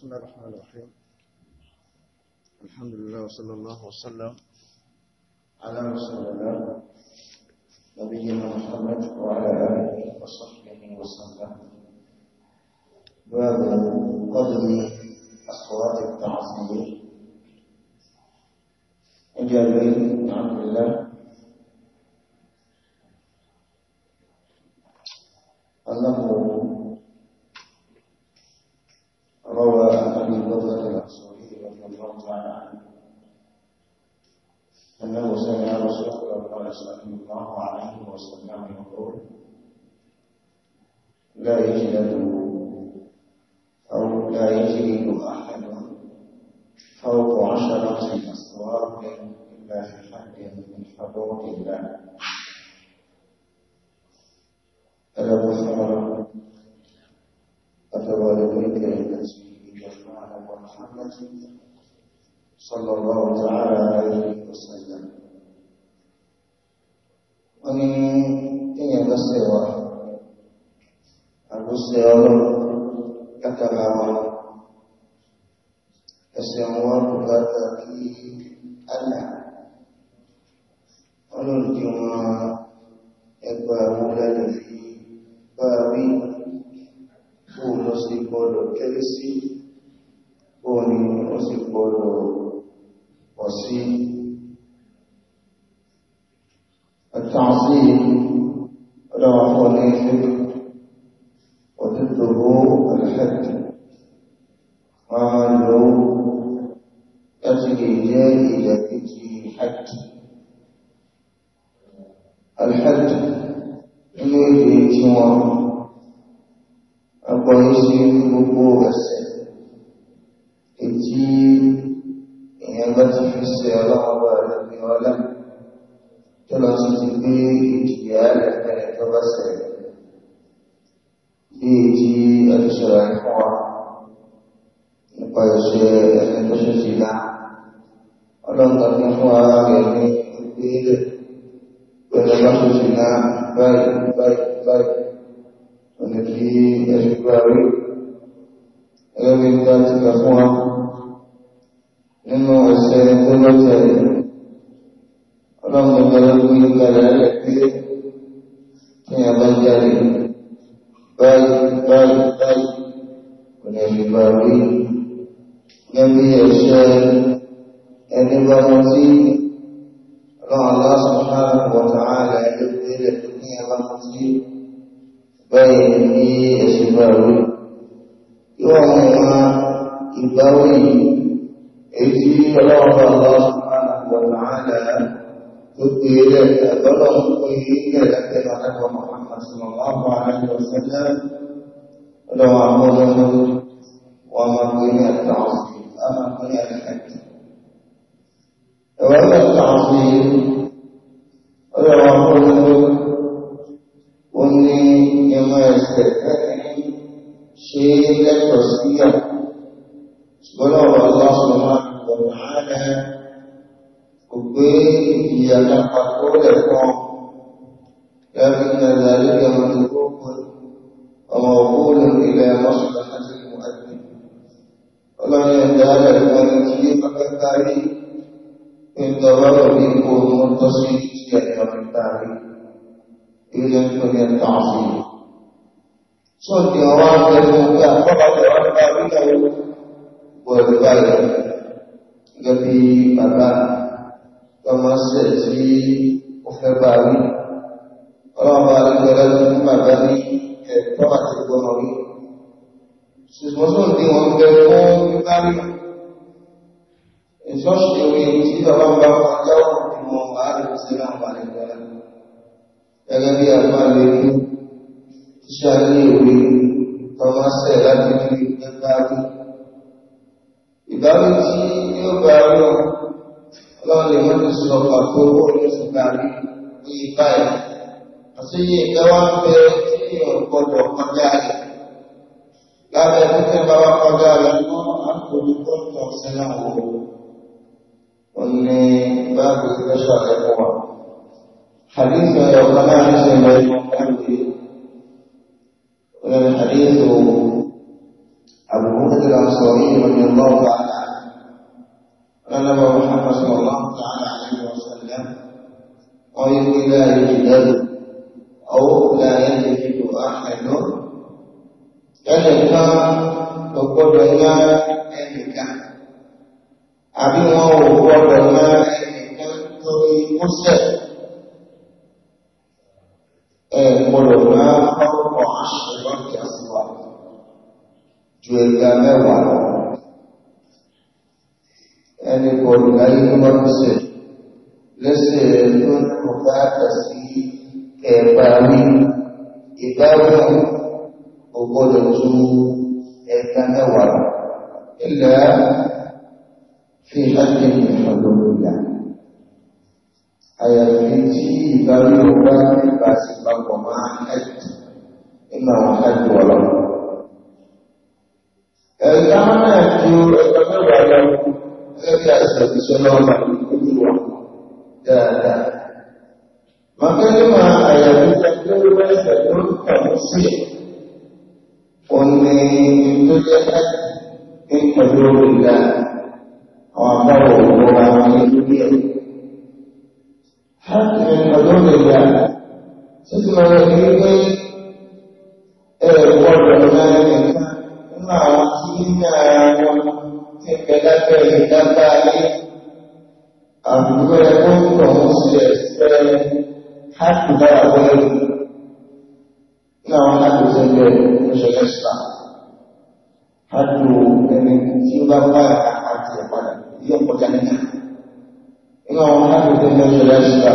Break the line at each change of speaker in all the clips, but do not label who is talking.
بسم الله الرحمن الرحيم الحمد لله وصلى الله وسلم على رسول الله نبينا محمد وعلى آله وصحبه وسلم باب قدر الصلاه التعظيم عن جابر بن عبد الله أنه سمع رسول الله صلى الله عليه وسلم يقول لا يجلد أو لا يجلد أحد فوق عشرة أسواق إلا في حد من حدود الله ألا بخير أتوالدك التي جمعنا محمد صلى الله تعالى عليه وسلم ومن كي يبسوا أبسوا كتبوا أسوا بكاتي أنا olùdíwọ̀n ẹgbẹ́ amúlẹ́lẹ̀ fi bá rí fún lọ sí gbọ́dọ̀ kẹ́lẹ́ sí òní ó sì التعصيب ضعف الفكر وضده الحد قالوا أجل جائزته حد الحد إليه جوار أقوى يشير بقوة السنة إتي إن في السيارة وعلى lọ sí ti pé ìjìyà ẹ̀rẹ̀ tó bá ṣẹlẹ̀ bí èjì ẹ̀ṣọ́ra fún wa nípa ìṣẹ́ ẹ̀rẹ̀ tó ṣe sí náà ọlọ́nà ní fún ara rẹ̀ ní ìpínlẹ̀ pẹ̀lú bá ṣe sí náà báyìí báyìí báyìí ọ̀nà kí ẹ̀ṣọ́ gbà rí ẹgbẹ́ mi ń dá ti kà fún wa nínú ẹ̀ṣẹ̀ tó bá ṣẹlẹ̀ ọlọ́run ọba lọ́gbọ́n nípa rẹ̀ pé kí ni a bá ń jáde báyìí báyìí báyìí kò ní ẹ̀mí bá rí gẹ́gẹ́ ẹ̀ṣẹ́ ẹni bá wọn sí ọlọ́run aláṣọ náà wọ̀ tààlà ẹ̀lú rẹ̀ kò ní ẹ̀bá wọn sí báyìí ní ẹ̀ṣẹ̀ bá rí yóò mọ̀ máa ìgbáwé yìí èyí tí ọlọ́run aláṣọ náà wọ̀ tààlà وإلى ظلم وإلى لكن على محمد صلى الله عليه وسلم ولو عمره وما بني التعظيم أما بني الحج وأما التعظيم ولو عمره وإني يما يستكتني شيء لا توصية ولو الله سبحانه وتعالى gbé ìyà kan pàtó rẹ̀ fún ọ. لكن ذلك من الكفر وموصول إلى مصلحة المؤذن ومن يندال الملكي فقد تاريخ من تضرب ومنتصر كأن التاريخ إذا كن التعصيب صد يوان المكان فقط ربا بله والبيع الذي بدأ tọmọ sílẹ̀ tí ó fẹ́ bá rí ọlọ́run bá rí lọ́lá ní bàbá ní ẹ̀tọ́ àti ìgbọmọ rí ṣùgbọ́n tó ń bí wọn bẹ fún bíbá rí ìṣọ́ṣe orí tí bàbá ń bá wọn jáwọ́ bí wọn bá rí sí náà bá rí gẹ́gẹ́ bí àwọn àlejò iṣẹ́ ayé òwe tọmọ sẹ̀ láti rí ẹgbẹ́ rí ìbáwí tí yóò bá rí ọ̀hún ọlọ́run lè wọ́n ti sọ pàtó owó oṣù kàrí ní báyìí àtúnyẹ ìgbẹ́wà ń bẹ tí yóò gbọdọ̀ kọjá rẹ̀ lábẹ́ títẹ́ bá wá kọjá rẹ̀ mọ́ àkójú tó ń tọ̀ sí náà wò ó ní báàbù ìgbésọ̀ rẹ̀ fún wa. حديث يوم الخميس والمحمد حديث أبو بكر الأنصاري رضي الله عنه Karena محمد صلى الله تعالى عليه وسلم قيل لا يجدد أو لا يجد أحد ẹnìkan kò gbọdọ̀ ná ẹnìkan àbí wọn ò gbọdọ̀ ná ẹnìkan torí kúṣẹ̀ ẹ gbọdọ̀ ná ọkọ̀ olùdarí tó bá fi sẹ̀ lẹ́sẹ̀ ló ń kó káàkà sí ẹ̀bá mi ìbáwọ̀ kò gbọ́dọ̀ ju ẹ̀ka mẹ́wàá ilẹ̀ fi láti ìrìnàjò lórílẹ̀ àyàfi tí ó bá mẹ́wàá lọ́wọ́ gẹ́gẹ́ bí àìsàn ìṣọ́nà ọmọ ìlú wa dáadáa. Màkàlùmọ̀ àyàwó ìṣàkóso bá ìṣàkóso ń kàwé sí òní tó jẹ́ láti ní pẹ̀lú ìgbà àwọn àbáwọ̀ òwò àwọn yang yẹn. Hàkì ní pẹ̀lú ẹ̀sìn dáadáa ní àbúrò ẹ̀kọ́ tó ń ṣe ẹ̀sẹ̀ káàkiri dára wọlé ní àwọn káàkiri tó ń bẹ ìṣẹ̀lẹ̀ ìṣẹ̀lá káàkiri ẹni tí ó bá bá àti ẹ̀padà yóò kọjá níta ní àwọn káàkiri tó ń bẹ ìṣẹ̀lẹ̀ ìṣẹ̀lá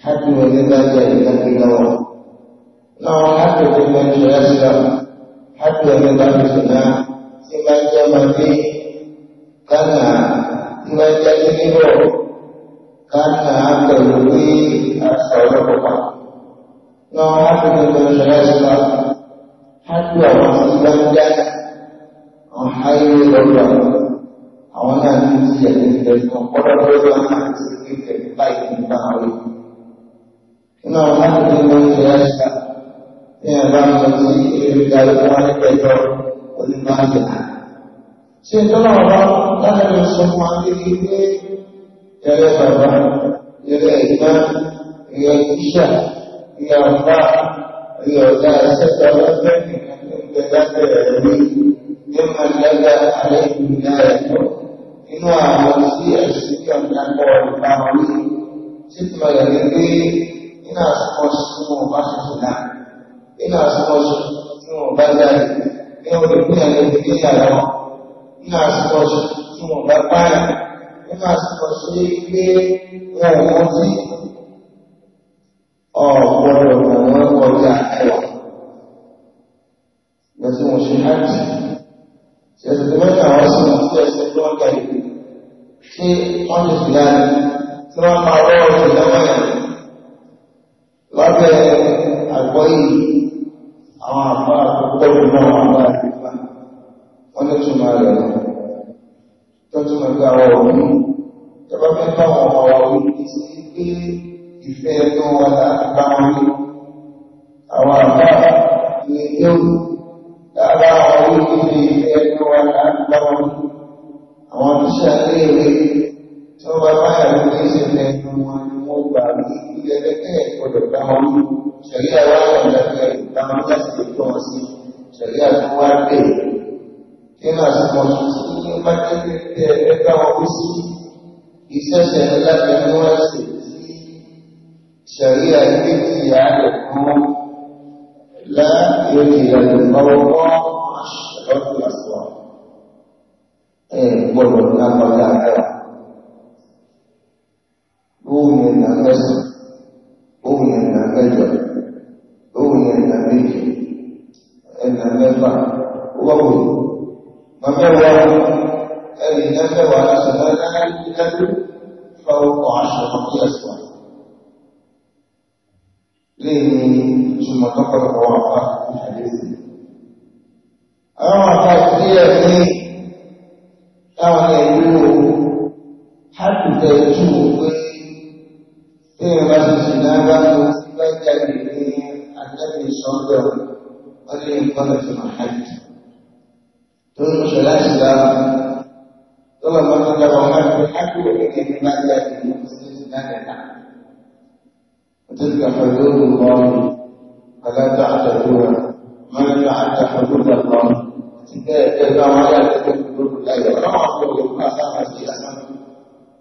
káàkiri ẹni bá jẹ ìdájọ́ ìdáwọ́ ní àwọn káàkiri tó Karena tí wọ́n jẹ́ karena kánà asal pé àṣàwọ̀ pọ̀pà. Náà wọ́n fi ní ọjọ́ ìṣẹ̀lẹ̀ ìṣẹ̀lá. Hájú àwọn tí wọ́n ń dá àwọn ayé lọ́dọ̀ àwọn náà ní ti ẹ̀mí ìgbẹ̀sùn ọ̀pọ̀lọpọ̀ lọ́dọ̀ àti ìgbẹ̀sùn láì ní ìgbàwé. Náà wọ́n fi ní ọjọ́ láàrin sọ fún akéèké pé ẹ̀rẹ́ bàbá ẹ̀rẹ́ ìgbà ẹ̀rẹ́ ìṣà ẹ̀rẹ́ ọ̀gá ẹ̀rẹ́ ọ̀gá ẹ̀sẹ̀ta lọ́fẹ́ inú àwọn tí ẹ̀sìn kí ọ̀gá kọ́ ọ̀gá wọn ní títí ọ̀gá gẹ́gẹ́ nínú àsìkò tí wọn bá tuntun náà nínú àsìkò tí wọn bá jáde nínú ìpínlẹ̀ ìpínlẹ̀ àwọn nínú àsìkò tí tí wọ́n bá pààyà nínú àsìkò tó yẹ pé wọ́n ò wọ́n sí ọ̀gbọ́dọ̀ àwọn ọjà ẹ̀wà lọ sí wọn ṣe hajj ṣẹ̀ṣẹ̀ mẹ́ta àwọn sí wọn tí ẹ̀ṣẹ̀ tó ń kẹ́lẹ̀ ṣé wọ́n lè fi láàyè tí wọ́n máa wọ́ ọ̀ṣẹ̀ lọ́wọ́ yẹn lábẹ́ àgbọ̀ yìí àwọn òní tọ́bá fẹ́ bá wọn ọmọ wa òní kì í sí pé ìfẹ́ ẹ̀tọ́ wọn láti bá wọn ní àwọn àbá ní yóò dáadáa àwọn òní ní ìfẹ́ ẹ̀tọ́ wọn láti bá wọn ní àwọn tíṣà léèrè tó bá báyà ló ní ìṣẹ̀lẹ̀ ẹ̀tọ́ wọn ni wọ́n gbà ní ilé ẹgbẹ́ ìgbọ́dọ̀ ní ṣẹ̀rí àwọn ọ̀dàgbẹ́ ìbámu láti bá jẹ́ pé tẹ ẹgbẹ́ wọn kó sí ìṣẹ̀ṣẹ̀ ńlá ni wọ́n ṣe tí ṣẹ̀rí àìlè ti yà á lè fún láàyè ìlànà ìfọwọ́pọ̀ àṣọ̀rọ̀ àṣọ ẹ̀ gbọ́dọ̀ ní apáta àgbà lóhùn yẹn nà mẹ́sàn lóhùn yẹn nà mẹ́jọ lóhùn yẹn nà méjì ẹ̀ nà mẹ́fà wọ́pọ̀ màmá لين ثم تقرأ وعطاء الحديث أنا أعطاك لي أنا يقول حتى يشوف إيه بس الجنابة وفجأة النبي صلى الله عليه وسلم قال لي انقلب في مرحلتي تقول مش الأسلام طلب من الله وحده حكوا بك في مادة تلك حدود الله فلا تعتدوها من تعد حدود الله إذا ولا تكون الآية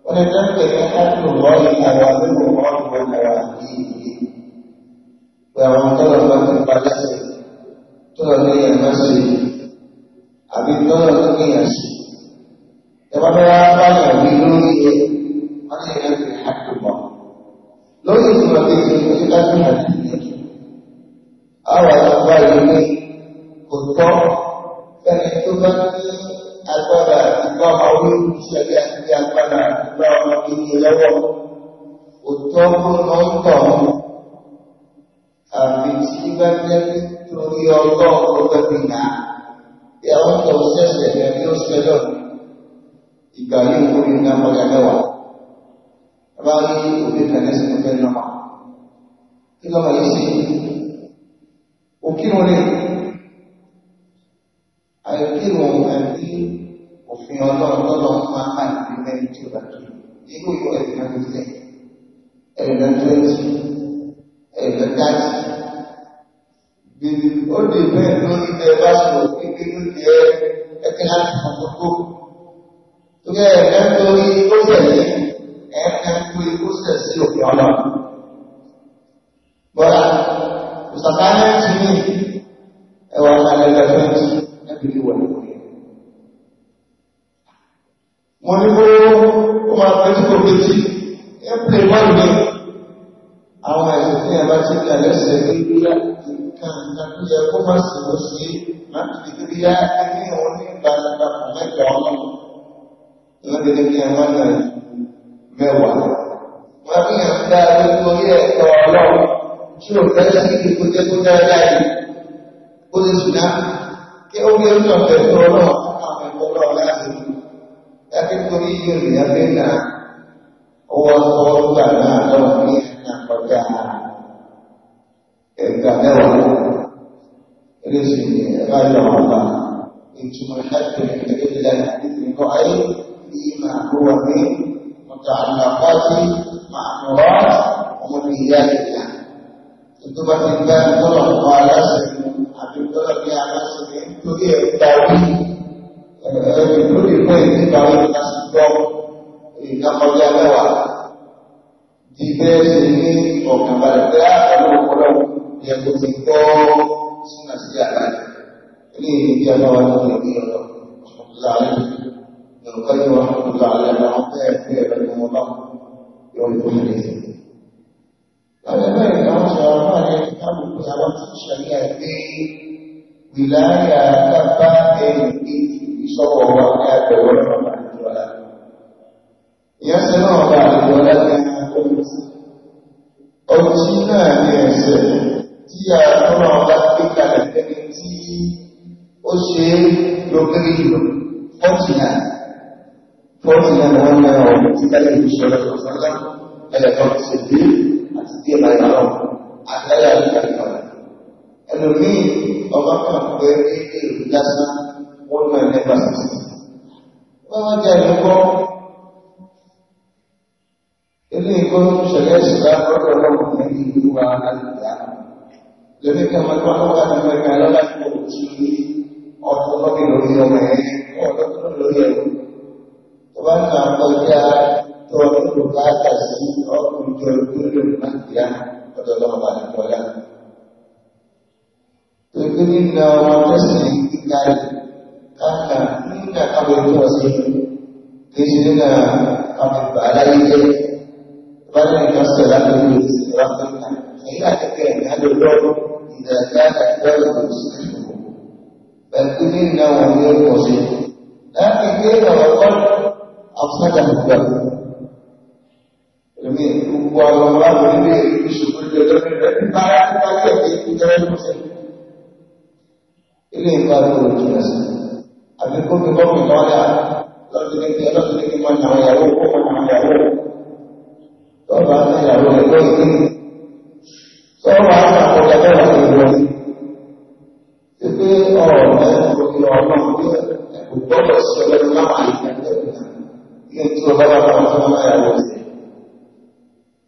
ولذلك حد الله حوامل الله ونواهيه ومن طلب من قدسه طلب من المسجد أبي طلب لي المسجد طلب berapa yang bingung ini, mana yang lórí ìtura kejì ní kíkàtí àdìyẹ àwọn àgbà yìí ní kò tọ́ fẹ́ni tó bá ní agbára àtìgbà ọmọwé ìṣẹ̀lẹ̀ àti agbára àtìgbà ọmọ kejì lọ́wọ́ kò tọ́ kó lọ ń tọ̀ ọ́ àbí tí bá jẹ́ nítorí ọlọ́run ìyàwó tó ṣẹ̀ṣẹ̀ ní ó ìgbà yìí kò ní ká mọ́jà mẹ́wàá bá rí òbí kẹlẹ́ sí ọ̀fẹ́ lọ́mọ kí lọ́mọ yìí sí òkírun rẹ̀ àìkírun àti òfin ọlọ́run lọ́dọ̀ máa hàn ní mẹ́rin tí ó bá kí inú ìwọ ẹ̀rí máa ń tẹ̀ ẹ̀rí máa ń tẹ̀sí ẹ̀rí máa ń tẹ̀sí bíbí ó lè bẹ́ẹ̀ lórí ẹ bá sọ̀rọ̀ pípé lórí ẹ ẹ̀kẹ́ láti kàn tó kó torí ẹ̀rí máa ń torí ó tẹ̀lé ẹ̀ẹ́fẹ́ pé ó sẹ̀ sí òfin ọlọ́run. Bọ́lá, òṣàkà náà ti ní ẹwà alẹ́lẹ́ fẹ́ǹtì ẹbí ìwà ìwà. Mo ní kó ó máa pẹ́ tí kò péjì, ẹ pè wọ́n ní àwọn ẹ̀sìn tí ẹ bá ti kà lẹ́sẹ̀ nígbà nǹkan tàbí ẹ kó má sì lọ sí láti fi kiri yá ẹni ìwọ̀n ní ìgbà àgbà mẹ́ta ọlọ́run. Ìwọ́n ti ní kí ẹ máa náà mẹ́wàá. Wọ́n ní àǹdá lórí ẹ̀tọ́ ọlọ́run tí ò fẹ́ sí ìkójẹ́kójẹ́ láyé. Ó lè sùn náà kí ó gbé ọjọ́ ẹ̀tọ́ ọlọ́run àwọn ẹ̀kọ́ ọlọ́run láti rí. Yàtí torí yóò rí abẹ́ náà, ọwọ́ ọkọ̀ ọgbà náà lọ́wọ́ ní àkọjá ẹ̀ka mẹ́wàá. Ilé sì ní ẹ̀ka ìjọba ọba. Ìtumọ̀ ìdájọ́ ìdájọ́ ìdájọ́ ìdájọ́ متعلقات مأمورات ومنهيات الله itu bertinggal tolong sering Habib tolong dia anak sering itu dia tawi itu dia pun itu tawi kita sedok kita mau dia lewat jika sini kau kembali dia kalau kalau dia bertinggal sungai sejarah ini dia lawan dia Allah القيم رحمه الله على أن عطاء فيه بينهم الله يوم الخميس فلما يكون شرفان يتكلم بسبب الشريعة في ولاية كفاءة يصور ولاية ورحمة الولاء يسمع بعد الولاء ọtí náà ní ẹsẹ̀ tí a tọ́lọ̀ ọba gbé kalẹ̀ lẹ́ni tí ó ṣe é lókèrè jùlọ موتنا مهمنا ومتكلم بالشباب والفرقة ألا تنقص الدين الدين لا يعرف ألا يعرف ẹnu ada yang kan pé kéèké lásán wọn yang nípa sísè wọn wá jẹ ìlúkọ ilé ìkọ ṣẹlẹ̀ ìṣẹlẹ̀ ọ̀dọ̀ ọlọ́pàá ní ìlú wa àlùyá lórí kẹmọ tó wọn wà nínú ẹgbẹ́ orang tí ọkọ lọkì lórí orang ẹ ọdọ lórí Tuhan manusia Tuhan itu kata si Tuhan itu manusia Pada Allah balik Tuhan Tuhan ini orang sering tinggal Karena tidak kamu itu masih Di sini kami balai Tuhan itu setelah itu Setelah itu Saya akan ada dong Tidak ada dong Tuhan ini orang sering Tapi dia orang أفسده الدم يعني هو الله الذي يشوف الجدل ما يعرف كيف يجري المسلم إليه قال له الجنس أن يكون بقوم طالع لقد كنت لقد كنت من يعوق ومن يعوق طبعا يعوق الكويس طبعا أقول لك أنا Ibi ọ̀rọ̀ ẹ̀ ń gbogbo ọ̀nà ọ̀gbìn ẹ̀kú gbọ́dọ̀ sí ọlọ́run láwọn àyíká bọ́lá wọn fún ẹ̀rọ sí.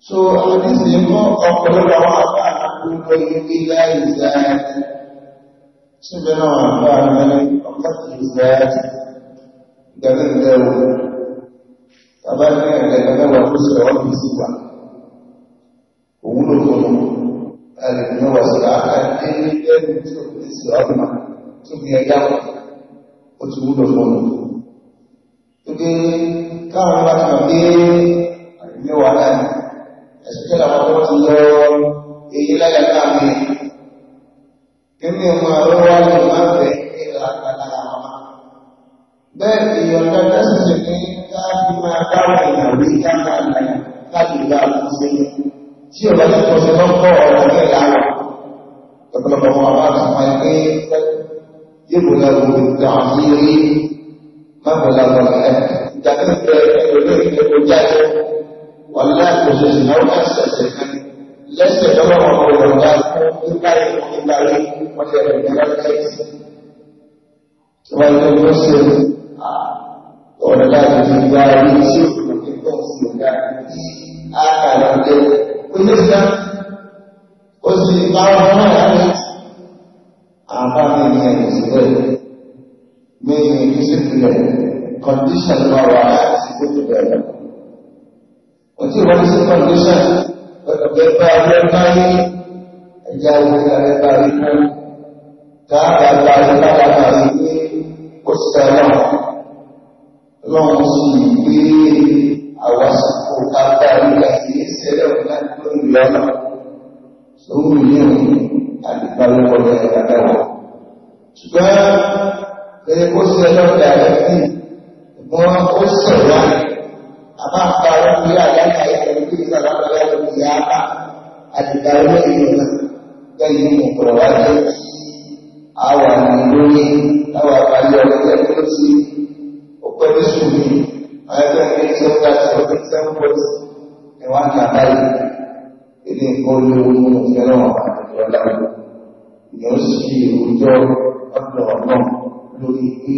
So àwọn oníṣẹ́ mọ́ ọ̀pọ̀lọpọ̀ àwọn àbá àkókò ibi láì záàtì. Síbẹ̀ náà wà bá mi ọ̀pọ̀ kì í záàtì. Ìgbàlẹ́ ìdẹ́wò. Bàbá ní ẹ̀rẹ́ mẹ́wàá tó ṣe ọ́fíìsì wa. Òun ló tó lọ. Ẹ̀rẹ́ mẹ́wàá ṣe àkàdé ní ah, ah, ẹ̀rù tí ò fi ṣe ọ̀gbìn tó fi ẹ̀yà ó ti wúlò fún un. Gbogbo káwọn ọba ti mọ̀ pé mẹ́wàá náà ni ẹ̀sùn kí làwọn ọba ti lọ èyí láyà náà mi èmi ọmọ àwọn wa lè má bẹ̀ ní ìlànà àwọn ọmọ bẹ́ẹ̀ ni ọ̀gá dẹ́sẹ̀ ní káàkiri máa dáwọ̀ ìyàwó ìyá náà láyà láti ìlú àwọn ìṣẹ́yìn tí ọba ti pọ̀ sí lọ́kọ̀ ọ̀rọ̀ ní ìlànà ọ̀pọ̀lọpọ̀ ọmọ àwọn àti máa gbé يبلغ بالتعذير مبلغ الأكل ìdàkẹ́sẹ̀ olórí ìdẹ́kọjá jẹ́ wọn náà kò ṣe sì náà wọ́n ṣẹ̀ṣẹ̀ kan lẹ́sẹ̀ lọ́wọ́ ọmọ ìrọ̀lá nígbà ìgbà rí wọ́n ti rẹ̀ nígbà kẹ́sì. wọ́n ní wọ́n ṣe ọ̀rọ̀ láti fi gba orí sí òkùnkùn tó ń sìn ga àkàrà ọ̀dẹ́ oníṣẹ́ ó sì bá wọn náà láti àbá mi ní ẹ̀yìn sílẹ̀ mi ní ìdíṣẹ́ ìpínlẹ̀ condition náà wà síbi tó bẹ̀rẹ̀. Ó ti wọlé sí condition gbọ́dọ̀ bẹ bá ẹgbẹ́ báyé ẹja ìwé ẹgbẹ́ báyé náà. Káàkà gba ìpadà báyé pé ó ti tẹ̀ náà. Ọlọ́run sì lè gbé àwọn àsìkò kápá ìlú àti ìṣẹ̀lẹ̀ ọ̀gá lórí lọ́nà wọn ó sọ̀rọ̀ àbá àpárọ̀ ní àyàkà ìyàwó kí nígbà lápá yàtọ̀ ní ìyá àbá àdìgbà owó ìyọ̀nà lẹ́yìn ní ọ̀pọ̀lọ̀ wá jẹ́ kí àwọn àmì lórí láwọn àbáyé ọ̀gbẹ́ tó ti ọpẹ́ tó sùn ní ọ̀gbẹ́ tó ti ọ̀gá tó ọ̀gbẹ́ tó ń pọ̀ sí ẹ̀wọ̀n àkàbá yìí ilé ẹ̀kọ́ olówó ní ìfẹ́ràn àtọ̀tọ̀ láwọn ìyẹn ó sì fi ìròjọ́ ọ̀dọ̀ ọ̀nà lórí pé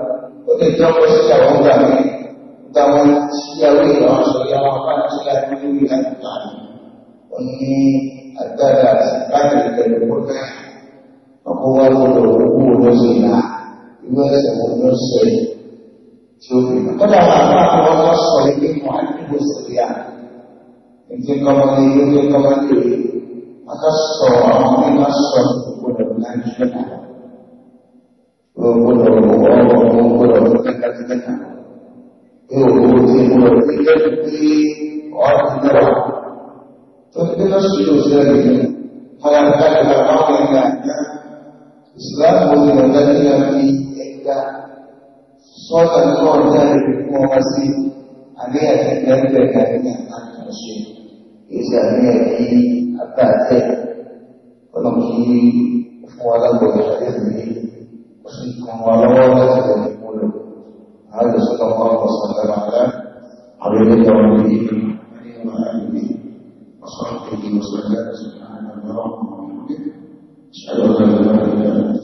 ó lè jẹ́ ọkọ̀ sí àwọn ọgbà mi gba wọn síyàwó ìlànà sọ̀rọ̀ àwọn abáná sí àwọn ìlú ìlànà ó ní agbára àti báyìí pẹ̀lú kódà ọkọ̀ wa lọ́dọ̀ owó lọ́sẹ̀ náà ìwé ẹsẹ̀ wọn ló sọ yìí tí ó fi hàn. kódà àwọn àbá àwọn ọmọ sọ ilé wọn àdúgbò sọ̀rọ̀ yà ẹ̀jẹ̀ kọ́mọdé ilé kọ́mọdé wọn ká sọ àwọn ọmọ náà sọ ìgbòdò náà gbọ́dọ̀ ọ̀rọ̀ ọmọ gbọ́dọ̀ kẹ́kẹ́kẹ́kẹ́ yóò kó tí gbọ́dọ̀ kẹ́kẹ́ pé ọ̀rọ̀ ti dára tó fi lọ sí òṣèlú yìí wọn á dá ìlà báwọn ẹni àjá ìsìláàmù ó ní ọ̀gá ní àfi ẹ̀ka sọ́ọ̀tà náà dá ìlú fún ọmọ sí àníyàn ẹ̀ka ẹ̀ka yìí fún alágbọ̀n àdéhùn yìí. وروضة المولد هذا صلى الله وسلم على عبده ونبيه وآله وصحبه وسلم سبحان الله وبحمده أشهد أن لا إله إلا الله